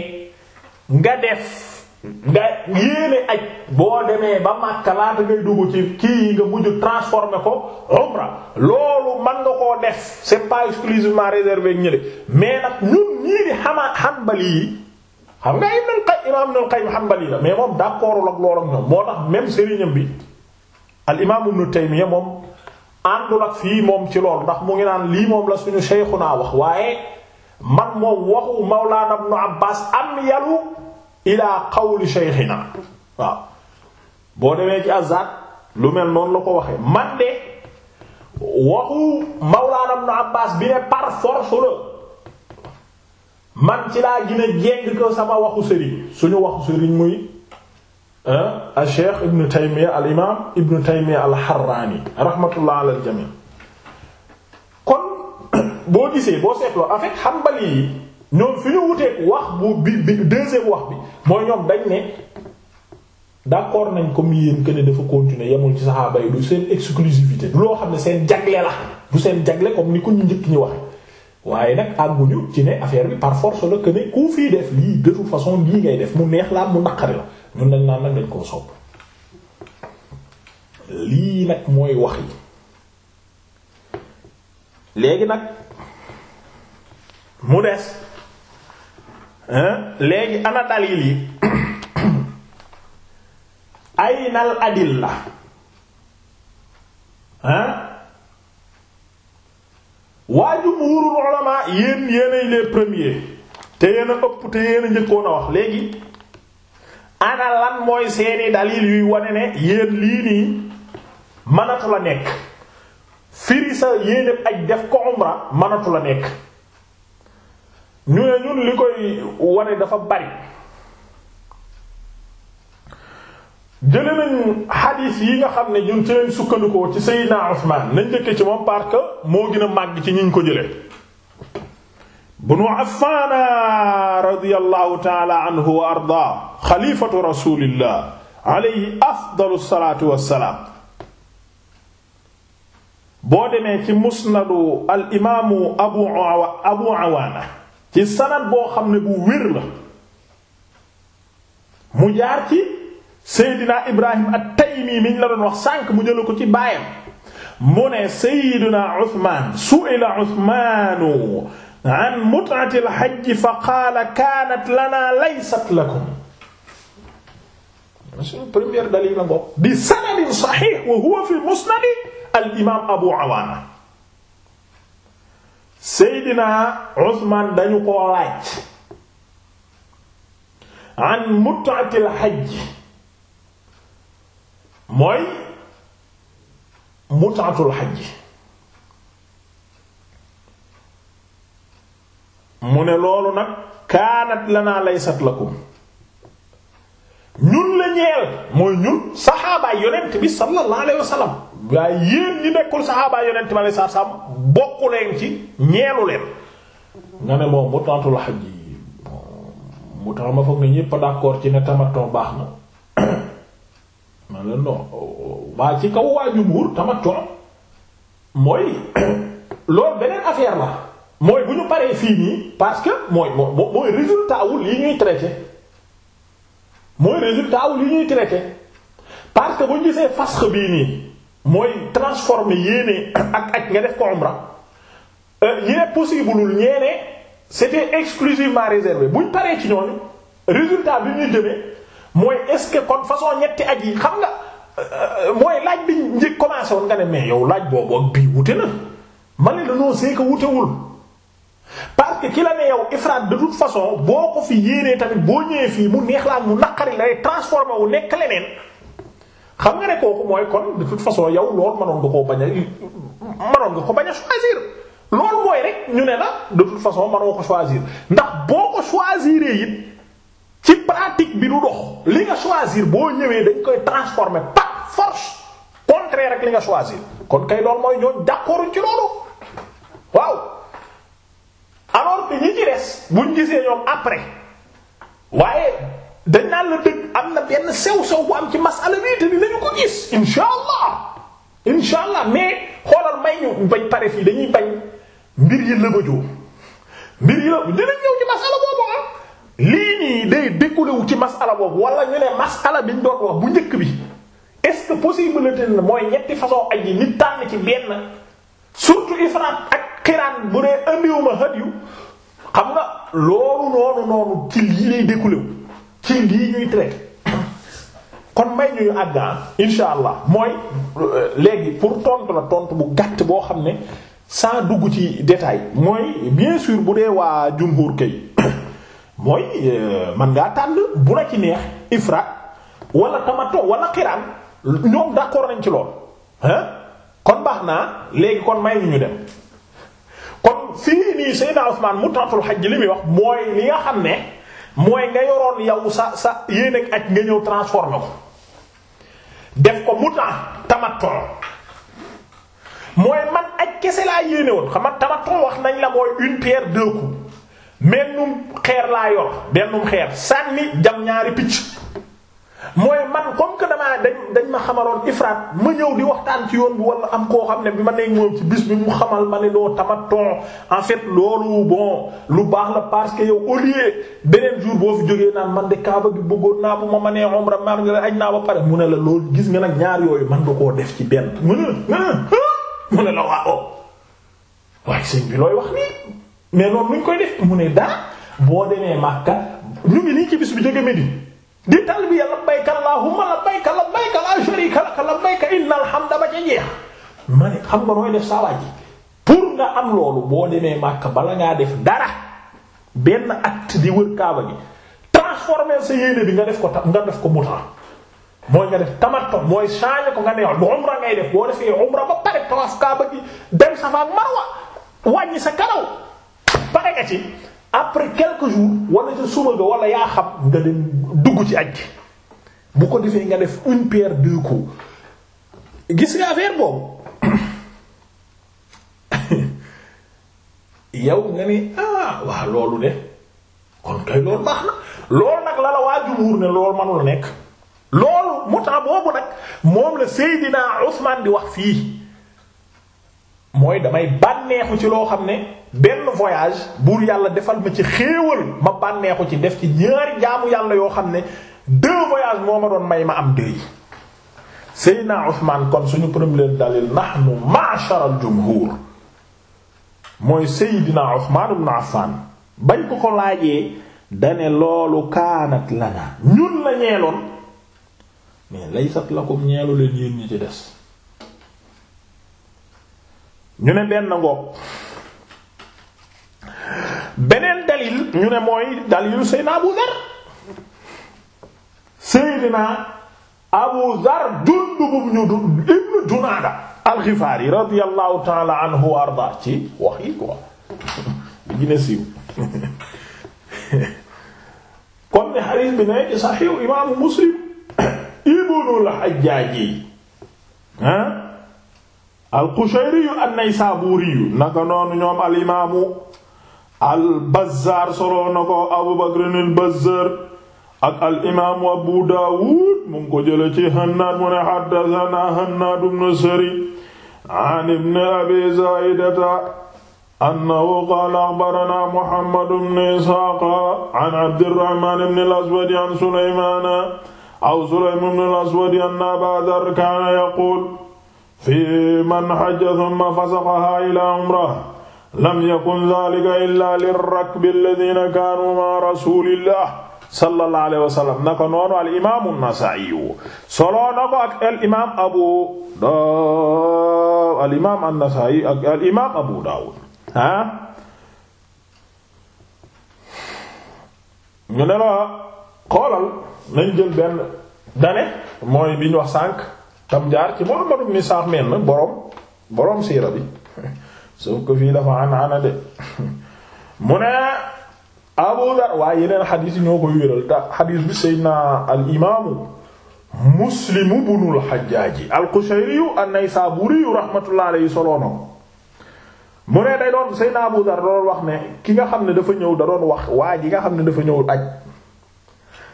nga def nga yéene aj boo demee ba Makka laata ngay dugg ci kii yi nga mujj transformé ko umra loolu man nga koo def c'est pas exclusivement réservé ñële mais nag ñun ñii di xama Hanbali yi xam nga Ibn Qayyim imaam la mais moom d'accordul ak loolu ak moom àndul fii moom ci loolu ndax mu ngi naan lii moom la suñu Shaykhuna wax waaye man moom waxu Mawlana Ibn Abbas am yalu ilaa qawli sheykhina waaw boo demee ci azad lu mel noonu la ko waxee man de waxu mawlaana ibn Abbaas bi ne par force la man ci laa gën a ko sama waxu sëriñ suñu waxu sëriñ muy a cheikh ibnu Taymiyya al imaam ibnu Taymiyya al Harraani rahmatullah ala al jamii kon (coughs) boo gisee boo seetloo en fait yi ñoom fi ñu wuteek wax bu bi bi deuxième wax bi mooy ñoom dañ ne d'accord nañ comme yéen que ne dafa continuer yemul ci saxaa yi du seen exclusivité du loo xam ne seen jagle la du seen jagle comme ni ko ñu njëkk ñu waxe waaye nag àgguñu ci ne affaire bi par force la que ku fii def lii de toute façon lii ngay def mu neex la mu naqari la ñun dañ naan nag dañ koo sopp lii nag mooy wax léegi nag mu des léegi ana dalil yi (coughs) la adilla ah waa jumhuurul ulamaa yéen yéenay les premiers te yéen a ëpp te yéen a njëkkoon a wax léegi ana lan mooy seeni dalil yuy wane ne yéen lii nii mënatu la nekk firi sa yéene def ko umra mënatu la nekk ñu ne ñun li koy wane dafa bari jële nañ xadiis yi nga xam ne ñun ci leen sukkandikoo ci Seydina Usmaan nañ njëkke ci moom parce que moo gën a màgg ci ñiñ ko jële bunu Affaana radiyallahu taala anhu wa ardaa xalifatu rasulillah alayhi afdalu salaatu wassalaam boo demee ci musnadu al imaamu abu awaana ci sanad boo xam ne bu wér la mu jaar ci seydina ibrahim at-taymi miñ la doon wax sànk mu jëla ko ci baayam mu ne seydina uthman su'ila uthmanu an mut'ati al-hajj fa qaala kaanat lana laysat lakum suñu première dalil la bopp bi sanadin sahih wa huwa fi musnad al-imam abu awaana seydina Usmaan dañu koo laaj an mut'atil mu ne loolu na kaanat lana laysat lakum ñeel mooy ñun saxaabaay yonent bi sallallahu alayhi wa sallam waaye yéen ñi nekkul saxaabaay yonent bi alayhi salaam bokku leen ci ñeelu leen. nga ne moom mutaatul hajj yi mu tax ma foog ne ñépp d'accord ci ne tamattu baax na (coughs) ma ne non waa ci kaw waa jumhur tamattu mooy (coughs) loolu beneen affaire la mooy bu ñu paree fii nii parce que mooy mooy résultat wu ñuy traité. mooy résultat wu yu ñuy traité parce que bu ñu gisee fasx bii nii mooy transformer yéene ak aj nga def ko umra ñi euh, ne possible lul ñeene c'était exclusivement réservé buñ paree ci ñooñu résultat bi ñuy demee mooy est-ce que kon façon ñetti ak yi xam nga euh, mooy laaj bi njëkk commencé woon nga ne mais yow laaj boobu ak bii wute na ma ne la non c'est que wutewul parce que ki la ne yow ifraat de toute façon boo ko fi yéenee tamit boo ñëwee fii mu neex la mu naqari la transformé wu nekk leneen xam nga ne kooku mooy kon de toute façon yow loolu a mënoon ko bañ a mooy rek ñu ne la de toute façon mënoo ko choisir ndax boo ko choisir it ci pratique bi du dox li nga choisir boo ñëwee dañ koy transformé par force contraire rek li nga choisir kon kay loolu mooy ñoo d'accord ci loolu waaw. alors bi ñi ci des buñ gisee ñoom après waaye dañ naan la dëgg am na benn sew sew bu am ci masala bi te dinañu ko gis insha allah insha mais xoolal may ñu bañ pare fii dañuy bañ mbir yi lëbëjoo mbir yi la dinañ ñëw ci masala boobu ah lii nii day découlé ci masala boobu wala ñu ne masala biñ doon wax bu njëkk bi est-ce que possibilité na mooy ñetti façon aj yi nit tànn ci benn surtout ifraat ak xiraan bu dee andiwuma xët yu xam nga loolu noonu noonu ci lii lay découlé wu ci ñuy traité kon may ñuy àggaan insha allah mooy euh, léegi pour tontu la tontu bu gàtt boo xam ne saa dugg ci détail mooy bien sûr bu dee waa jumhur kay (coughs) mooy euh, man ngaa tànn bu la ci neex ifrat wala tamato wala xiraan ñoom d'accord nañ ci lool hein kon baax naa léegi kon may ñu dem kon fii nii Seydina Usmaan mutatul xaj li muy wax mooy li nga xam ne mooy nga yoroon yow sa sa yéen ak aj nga ñëw transformé ko def ko muta tamattu mooy man aj kese laa yéene woon xam nga wax nañ la mooy une pierre deux coups xeer laa yor bennum xeer sànni jam ñaari picc mooy man comme que damaa dañ dañ ma xamaloon ifraat ma ñëw di waxtaan ci yoon bi wala am koo xam ne bi ma nekk moom ci bis bi mu xamal ma ne doo tamaton en fait loolu bon lu baax la parce que yow au lieu beneen jour boo fi man de kaaba gi bëggoon naa bu ma mënee umra maa ngi aj naa ba pare mu ne la loolu gis nga nag ñaar yooyu man nga koo def ci benn mu ne mu ne la waaw looy wax mais noonu nuñ koy def mu ne daa boo demee Makka ñu ngi nii ci bis bi jóge Medina di talbiya labbayka allahumma labbayka labbayka la sharika laka labbayka innal hamda ba ca jeex ma xam nga nooy def saa waaj pour nga am loolu boo demee Makka bala ngaa def dara benn acte di wër Kaaba gi transformer sa yéene bi nga def ko tam nga def ko mutaa mooy nga def to mooy changer ko nga ne lu umra ngay def boo defee umra ba pare tawaf Kaaba gi dem Safa Marwa wàññi sa karaw pare nga ci après quelques jours wala sa ga wala yaa xam nga dem dugg ci aj bu ko defee nga def une pierre deux coups gis nga affaire boobu (coughs) yow nga ni ah waa loolu de kon kay loolu baax na loolu nag la la waa jumhur ne loolu manula nekk loolu mu tax boobu nag moom la Seydina Usman di wax fii mooy damay bànneexu ci loo xam ne benn voyage buur yàlla defal ma ci xéewal ma bànneexu ci def ci ñaari jaamu yàlla yoo xam ne deux voyages moo ma doon may ma am deux yi Seydina Ousmane kon suñu premier dalil nahnu ma'shar al-jumhur mooy Seydina Ousmane ibn Affan bañ ko ko laajee dane loolu kaanat lana ñun la ñeeloon mais laysat lakum ñeelu leen yéen ñi ci des ñu ne benn ngoog beneen dalil ñu ne mooy dalilu Seydina Abu Dhar Seydina Abu Dhar Jundub ibn Junaada al-Ghifari radiyallahu ta'ala anhu wa arda ci wax yi quoi li gën a siiw comme ni hadith bi ne Sahih imaamu Muslim ibnul Hajjaaji ah al-Qushayri an-Naysaburi naka noonu ñoom al-imaamu al-Bazzar solo na ko Abu Bakr al-Bazzar ak al-imaamu Abu Dawud mu ngi ko jëlee ci Hannaad mu ne haddasanaa Hannaad ibn Sari an ibn Abi Zaa'idata annahu qaala axbaranaa Muhammad ibn Ishaaq an Abdirrahmaan ibn al-Aswad an Sulaymaan aw Sulaym ibn al-Aswad anna Abaa Dharr kaana yaquul fii man hajja thumma fasaqahaa ilaa umrah lam yakun dhaalika illaa lirakbi alladhiina kaanuu ma'a rasuulillah sallallahu alayhi wa sallam naka noonu al imaamu Nasaa'i solo na ko ak al imaam Abu Daawud al imaam an-Nasaa'i ak al imaam Abu Daawud ah. ñu ne la xoolal nañ jël benn dane mooy bi ñu wax sànq. tam jaar ci Muhammad ibn Isaaq na borom boroom siira bi sauf que fii dafa an ana de mu ne Abu Dar waaye yeneen xadiis yi ñoo ko wéral te xadiis bi Seydina al imaamu Muslim ibn al Hajjaaj al-Qushayri rahmatullahi alayhi mu ne day doon Seydina Abu Dar doon wax ne ki nga xam ne dafa ñëw da doon wax waa ji nga xam ne dafa ñëw aj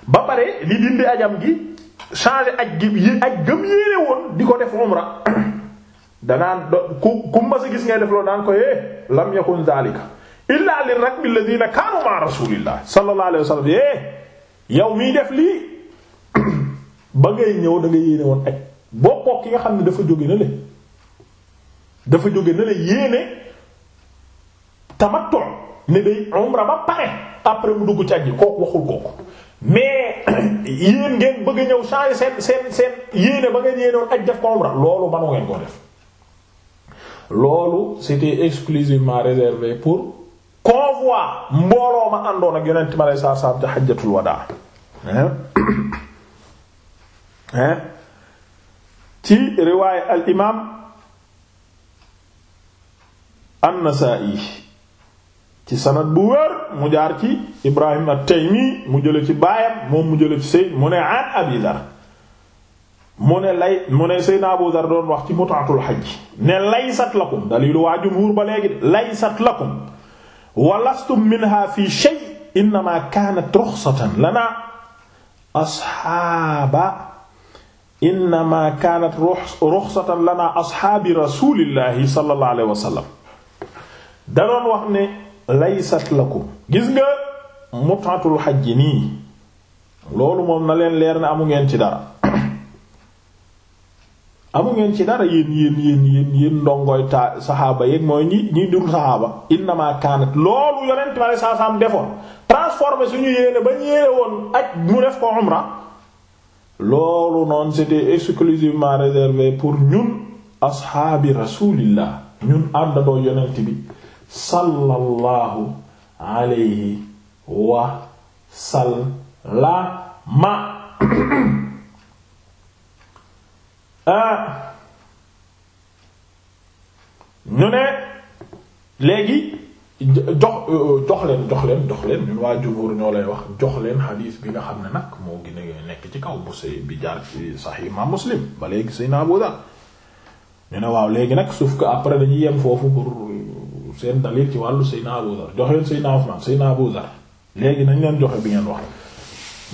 ba pare li dindi ajam gi changer ak gi yi ak gëm yéene woon di ko def umra danaan do ku ku mas a gis ngay def loolu daan ko eh lam yakun zalika illa li rakbi alladhina kaanu ma rasulillah eh, yow miy def lii (clears throat) ba ngay ñëw da yéene woon aj bokkoo ki nga xam ne dafa jóge na le dafa jóge na le yéene tamattu ne day umra ba pare après mu dugg ci aj gi kooku waxul kooku mais (clears throat) yéen ngeen bëgg ñëw changer seen seen seen yéene ba ngeen yéenoon aj def ko umra loolu manu ngeen ko def loolu c'était exclusivement réservé pour convoi mbooloo ma àndoon ak yonent ma lay saar saar ci wadaa hein (coughs) hein ci riwaaya al imaam an-Nasaa'i ci sanad bu wér mu jaar ci Ibrahim at-Taymi mu jële ci baayam moom mu jële ci Sayyid mu ne an Abi Dar mu ne lay mu ne Sayyidna Abu Dar doon wax ci mut'atul hajj ne laysat lakum dalilu waa jumhuur ba léegi laysat lakum wa lastum minha fi shay innama kaanat ruxsatan lana asxaaba innama kaanat ruxsatan lana asxaabi rasuulillahi sallallahu alayhi wa sallam da doon wax ne laysat ko gis nga mut'atul xaj nii loolu moom na leen leer ne amu ngeen ci dara (coughs) amu ngeen ci dara yéen yéen yéen yéen yéen ndongoy ta saxaaba yéen mooy ñi ñiy dul saxaaba innama kaanat loolu yonent ma ne saa saam defoon transformé suñu yéene ba ñu yéene woon ak mu def ko umra loolu noonu c'était exclusivement réservé pour ñun asxaabi rasulillah ñun àndandoo yonent bi sallallahu alayhi wa sallama (coughs) ah. ñu ne léegi jox euh, jox leen jox leen jox leen ñun waa jumhur ñoo lay wax jox leen xadiis bi nga xam ne nag moo gën a nekk ci kaw bu sëy bi jaar ci sax Imam Muslim ba léegi sëy na Abu Dar ñu ne waaw léegi nag sauf que après dañuy yem foofu pour seen dalil ci wàllu Seydina Abu Dhar joxeel Seydina Usmaan Seydina Abu Dhar léegi nañ leen joxe bi ngeen wax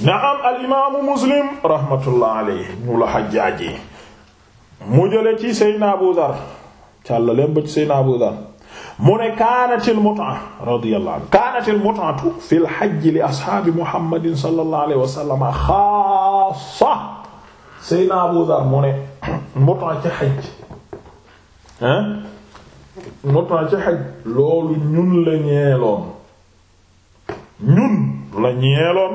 naam al imaamu Muslim rahmatullah alayhi ñu la Hajjaaji mu jële ci Seydina Abu Dhar càlla leen ba ci Seydina Abu Dhar mu ne kaanatil mut'a radiyallahu anhu kaanatil mut'atu fil hajji li ashaabi Muhammadin sallallahu alayhi wa sallam xaassa Seydina Abu Dhar mu ne (coughs) mut'a ci hajj notan ci xaj loolu ñun la ñeeloon ñun la ñeeloon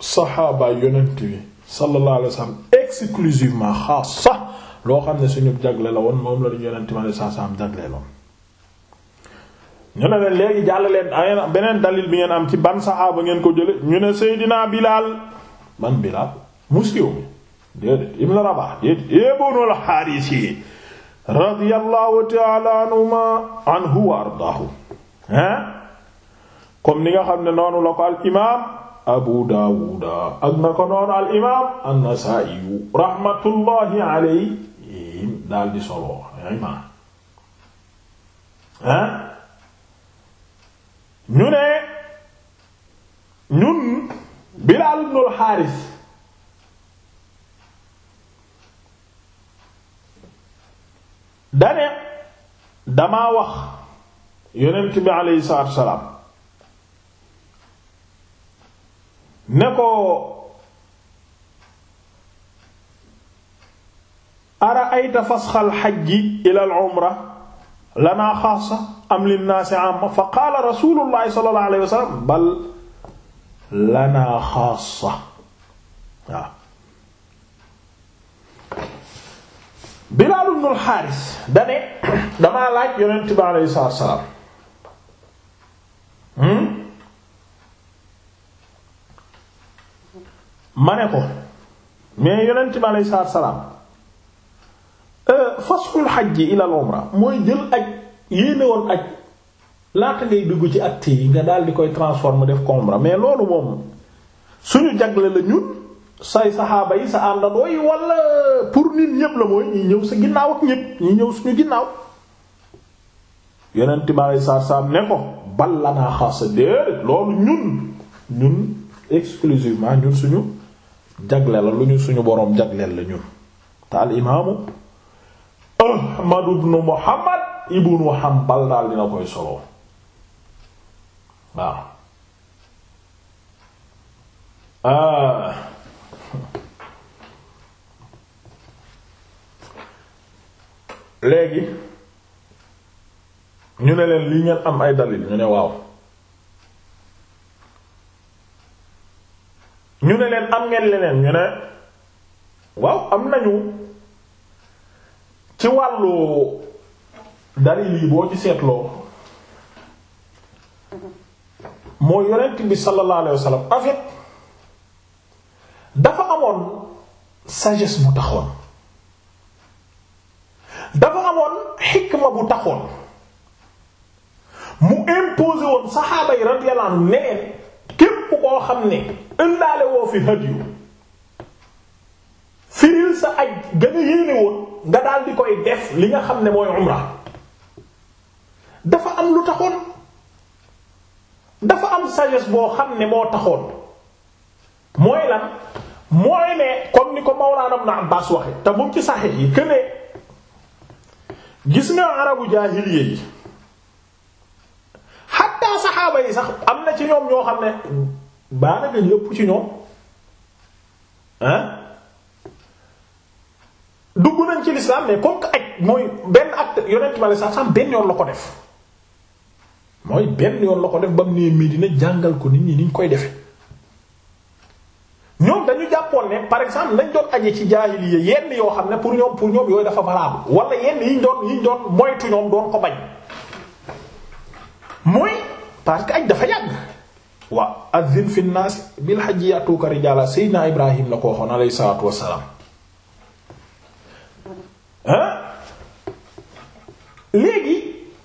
saxaaba yonent bi sallallahu alayhi wa exclusivement xaas sax loo xam ne suñu jagle la woon moom la ñu yonent bi saa saa am jagle ñu ne leen léegi jàll leen beneen dalil bi ngeen am ci ban saxaaba ngeen ko jële ñu ne Seydina Bilaal ban Bilaal muskiw mi déedéet Ibn Rabah déedéet Ibnul Haaris radiyallahu taala anhuma anhu wa ardaahu ah comme ni nga xam ne noonu la ko al imaam abu daawuda ak na ko noonu al imaam an-nasaa'i rahmatullahi alayhi daal di solo imaam ah ñu ne ñun bilaal ibnul xaaris dane damaa wax yonent bi aleyhi salaatu salaam ne ko ara ayta fasxal xajji ilal umra lanaa xaasa am linnaasi amma fa qaala rasuulullahi sallallahu alayhi wa sallam bal lanaa xaasa waaw Bilaal ibnul Xaaris da ne damaa laaj yonent bi alayhi salaatu wa salaam hmm? ma ne ko mais yonent bi alayhi salaatu wa salaam euh, fasxul xajji ilal umra mooy jël aj yéene woon aj laata ngay dugg ci acte yi nga daal di koy transformer def ko mais loolu moom suñu jagle la ñun. say saxaaba yi sa àndandoo yi wala pour nit ñépp la mooy ñi ñëw sa ginnaaw ak ñépp ñi ñëw suñu ginnaaw yonent ma lay saar saar ne ko bal naa xas déedéet loolu ñun ñun exclusivement ñun suñu jagle la lu ñu suñu boroom jagleel la ñun te al imaamu ahmadu ibnu muhammad ibnu hanbal daal dina koy solo waaw ah. léegi ñu ne leen lii ngeen am ay dalil ñu ne waaw ñu ne leen am ngeen leneen ñu ne waaw am nañu ci wàllu dalil yi boo ci seetloo moo yonent bi sallallahu alayhi wa sallam en fait dafa amoon sagesse bu taxoon xikma bu taxoon mu imposé woon saxaaba yi radiyallahu képp koo xam ne indaale woo fi hadiyu firil sa aj gën a yéene woon nga daal di koy def li nga xam ne mooy umra dafa am lu taxoon dafa am sagesse boo xam ne moo taxoon mooy lan mooy ne kon ni ko Mawlaana Ibn Abbaas waxe te mu ci saxiix yi que gis nga arabu jaahiliya yi xatta saxaaba yi sax am na ci ñoom ñoo xam ne baanaka yépp ci ñoom ah dugg nañ ci lislaam mais comme ak aj mooy benn acte yonent bale sax sax benn yoon la ko def mooy benn yoon la ko def ba mu nee Medina jàngal ko nit ñi ni koy defe ñoom dañu jàppoon ne par exemple lañ doon aje ci jaahiliya yenn yoo xam ne pour ñoom pour ñoom yooyu dafa valable wala yenn yiñ doon yiñ doon moytu ñoom doon ko bañ mooy parce que aj dafa yàgg waaw azzin fi naas bil hajji yatuuka rijaala seydina ibrahim la ko waxoon alayhi salaatu wassalaam hein léegi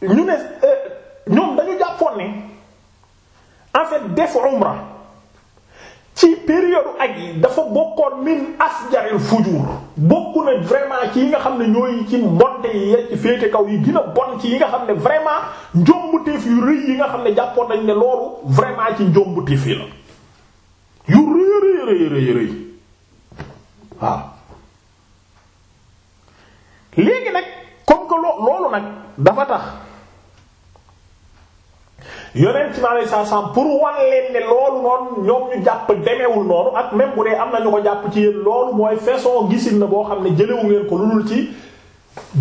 ñu ne euh, ñoom dañu jàppoon ne en def umra ci période ak yi dafa bokkoon min asjaril fujur bokk na vraiment ci yi nga xam ne ñooy ci mbonte yi ya féete kaw yi gën a bon ci yi nga xam ne vraiment njombuteef yu rëy yi nga xam ne jàppoon nañ ne loolu vraiment ci njombuteef yi la yu rëy rëy rëy rëy waaw léegi nag comme que loolu nag dafa tax yonent mi alayhi salaam pour wan leen ne loolu noonu ñoom ñu jàpp demewul noonu ak même bu dee am na ñu ko jàpp ci yéen loolu mooy façon gisin na boo xam ne jëlewu ngeen ko lulul ci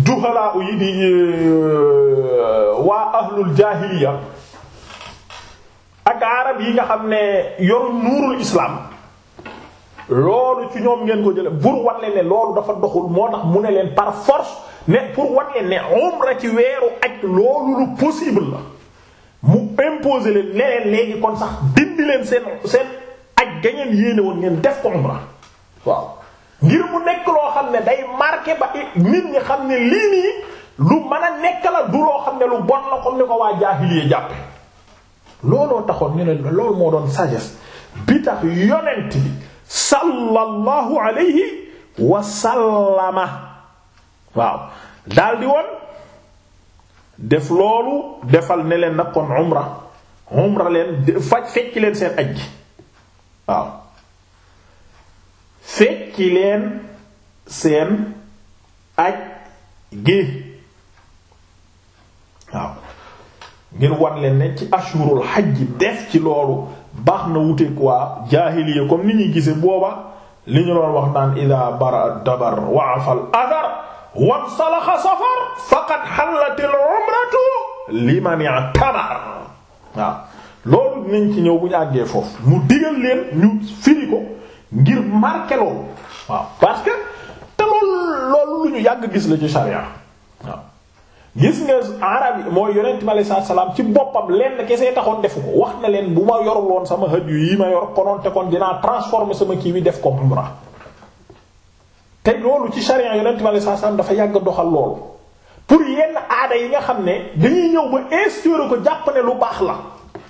juhalaa yi di euh, waa ahlul jaahiliya ak arab yi nga xam ne yoru loolu ci ñoom ngeen ko jële pour wan ne loolu dafa doxul moo tax mu ne leen par force ne pour wan leen ne umra ci weeru aj loolu lu possible la mu imposer leen leneen léegi kon sax dindi leen seen seen aj ga ngeen yéene woon ngeen def ko umra waaw ngir mu nekk loo xam ne day marqué ba nit ñi xam ne lii nii lu mën a nekk la du loo xam ne lu bon la comme ni ko waa jaahiliya jàppe looloo taxoon ñu ne loolu moo doon sagesse bi tax yonent bi sallallahu alayhi wa sallama waaw daldi woon def loolu defal ne leen nag kon umra umra leen faj fekki leen seen aj gi waaw fekki leen seen aj gi waaw ngir wan leen ne ci ashurul xaj def ci loolu baax na wuteek waa jaahiliya comme ni ñuy gise booba li ñu doon wax naan ida bara dabar waafal adar wan salaxa safar faqad xallatil umratu liman i'tamar waaw loolu dinañ ci ñëw bu ñu àggee foofu mu digal leen ñu firi ko ngir marqué loolu waaw parce que te loolu loolu lu ñu yàgg gis la ci sharia waaw gis nga arab yi mooy yonent bi aleyhi salaam ci boppam lenn kese taxoon defu ko wax na leen bu ma yorul woon sama hëj yi ma yor konoon te kon dinaa transformer sama kii bi def ko umra te loolu ci charia yonent bi sallallahu alayhi wasallam dafa yàgg doxal loolu pour yenn aada yi nga xam ne dañuy ñëw ba instaurer ko jàpp lu baax la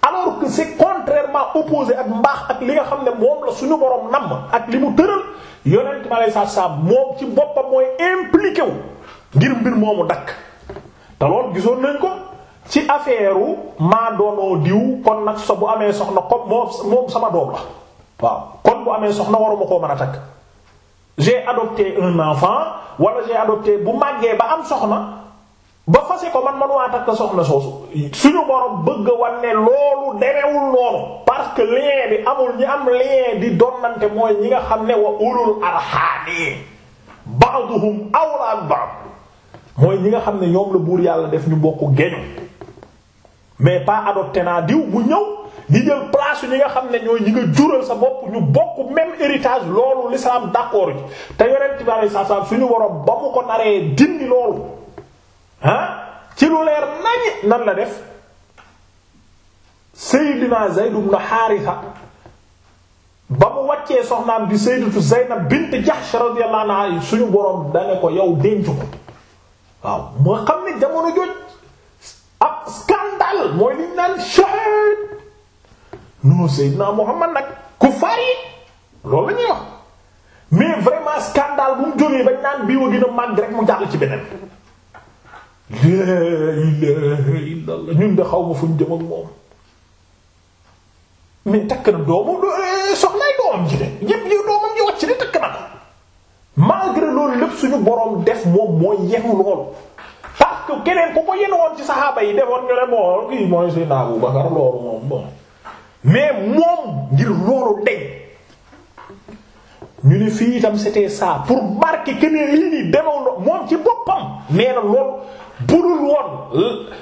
alors que c'est contrairement opposé ak mbaax ak li nga xam ne moom la suñu borom namm ak li mu tëral yonent bi sallallahu alayhi wasallam moom ci boppam mooy impliqué wu ngir mbir moomu dakk te loolu gisoon nañ ko ci affaire maa doonoo diw kon nag sa bu amee soxna comme moom sama doom la waaw kon bu amee soxna waruma koo mën a takk j'ai adopté un enfant wala j'ai adopté bu màggee ba am soxna ba fase ko man manuwaa takk soxna soosu suñu borom bëgg a wan ne loolu demewul noonu parce que lien bi amul ñi am lien di donnante mooy ñi nga xam ne wa ulul arhaami ba'duhum awla ba'd mooy ñi nga xam ne ñoom la buur yàlla def ñu bokk geñu mais pas adopté naa diw bu ñëw di jël place ñi nga xam ne ñooy ñu nga jural sa bopp ñu bokk même héritage loolu l'islam d'accord ci te yorenti ba sa sa suñu waroon ba mu ko naree dindi loolu ah ci lu leer nañi nan la def Seydina Zayd ibn Haarisa ba mu wàccee soxnaam di sayyidatu Zaynab bint Jahsh radiyallahu anha suñu borom da ko yow denc ko waaw moo xam ne jamono joj al mooy liñ naan shahid non Seydina Muhammad nag ku yi loolu la ñuy mais vraiment scandale bu mu jógee bañ naan bii wa gën a màgg rek mu jàll ci beneen laa ilaaha illallaah ñun de xaw ma fu ñu jëm moom mais takk na doomu eh, soxnaay doomam ji de yépp yow doomam ji wàcc de takk na ko malgré loolu lépp suñu boroom def moom mooy yenu loolu parce que keneen ku ko yéen woon ci saxaaba yi defoon ñu ne moo kii moom mais moom ngir loolu deñ ñu ne fii itam c'était ça pour marquer que ne lii nii demoon moom ci boppam nee na loolu budul woon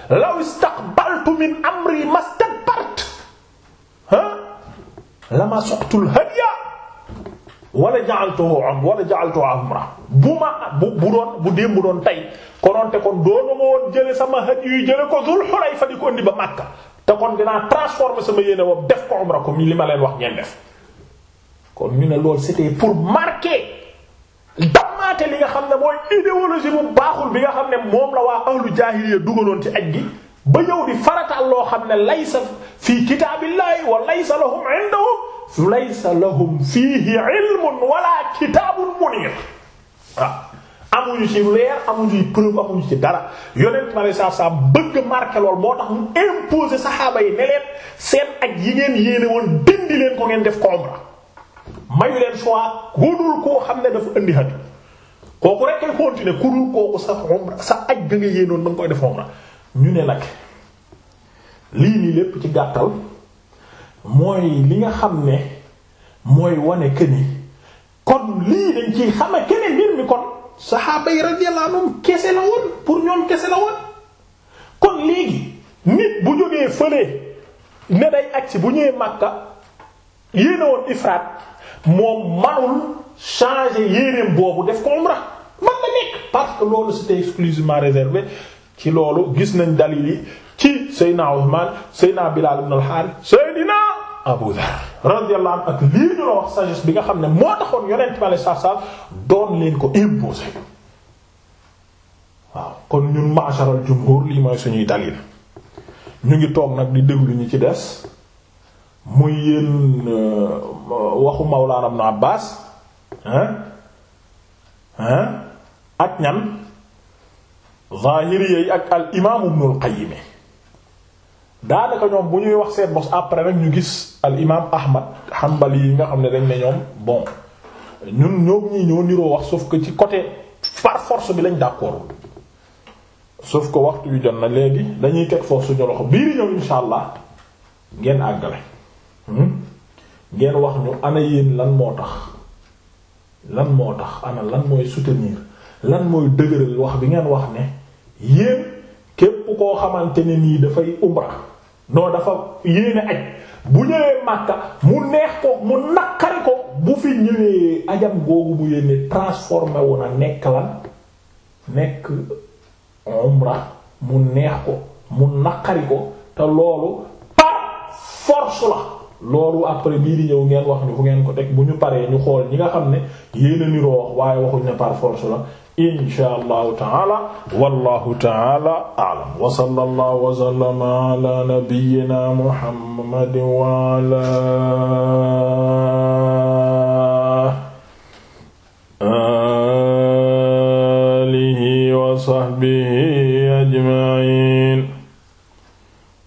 law istaqbaltu min amri mastadbart ha lama suqtul hadiya wala ja'altuhu am wala ja'altuhu umra bu ma bu bu doon bu doon tey konoon te kon doonu ma woon sama haj yu ko Dul Hulayfa di ko indi ba Makka te kon dinaa transformer sama yéene woon def ko umra comme li ma leen wax ngeen def kon ñu ne loolu c'était pour marquer dammaate li nga xam ne mooy idéologie bu baaxul bi nga xam ne moom la waa ahlu jaahiliya dugaloon ci aj gi ba yow di farataal loo xam ne laysa fii kitaabillahi wa laysa lahum indahum laysa lahum fiihi ilmun wala kitaabun muniir waaw ah, amuñu ci leer amuñu preuve amuñu ci dara yonent ma lay saa saa bëgg marqué lool moo tax mu imposer saxaaba yi ne seen ak yi ngeen yéene woon dindi leen ko ngeen def ko umra mayu leen soit wudul koo xam ne dafa indi haj kooku rek kay continuer ku dul kooku sa umra sa aj bi nga yéenoon da nga koy def umra ñu ne nag lii nii lépp ci gàttal. mooy li nga xam ne mooy wane que ni kon lii dañ ciy xame que ne mbir mi kon saxaaba yi radiyallahu kese la woon pour ñoom kese la woon kon léegi nit bu jógee fële ne day agsi bu ñëwee Makka yéene woon ifraat moom manul changer yéeneem boobu def ko umra man na nekk parce que loolu c'était exclusivement réservé ci loolu gis nañ dalil yi ci Seydina Usmaan Seydina Bilaal ibn al-Haaris Seydina Abu Dhar radiyallahu ak lii ñu la wax sagesse bi nga xam ne moo taxoon yonent bi alayhi salaatu salaam leen ko imposer waaw kon ñun ma'sharal jumhur lii mooy suñuy dalil ñu ngi toog nag di déglu ñu ci des muy yéen euh, waxu Mawlana Ibn Abbas hein hein ak ñan zahiriyyi ak al imaam Ibn al Qayyim daanaka ñoom bu ñuy wax seet bos après rek ñu gis al imaam Ahmad Hanbali yi nga xam ne dañ ne ñoom bon ñun ñoom ñii ñoo niroo wax soof ko ci côté par force bi lañ d'accord sauf que waxtu yu jot na léegi dañuy teg force suñu loxo biir insha allah ngeen àggale hmm? ngeen wax ñu ana yéen lan moo tax lan moo tax ana lan mooy soutenir lan mooy dëgëral wax bi ngeen wax ne yéen képp koo xamante ne nii dafay umra non dafa yéene aj bu ñëwee Makka mu neex ko mu naqari ko bu fi ñëwee ajam googu mu yéene transformé wu na nekk lan nekk umra mu neex ko mu naqari ko te loolu par force la loolu après bii di ñëw ngeen wax ñu fu ngeen ko teg bu ñu paree ñu xool ñi nga xam ne yéen niroo wax waaye waxuñ ne par force la insha allahu taala wallahu taala a'lam wa sallallahu wa sallama ala nabiyyina muhammad wa ala alihi wa sahbihi ajma'in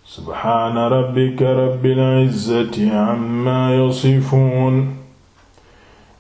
subhana rabbika rabbil izzati amma yasifun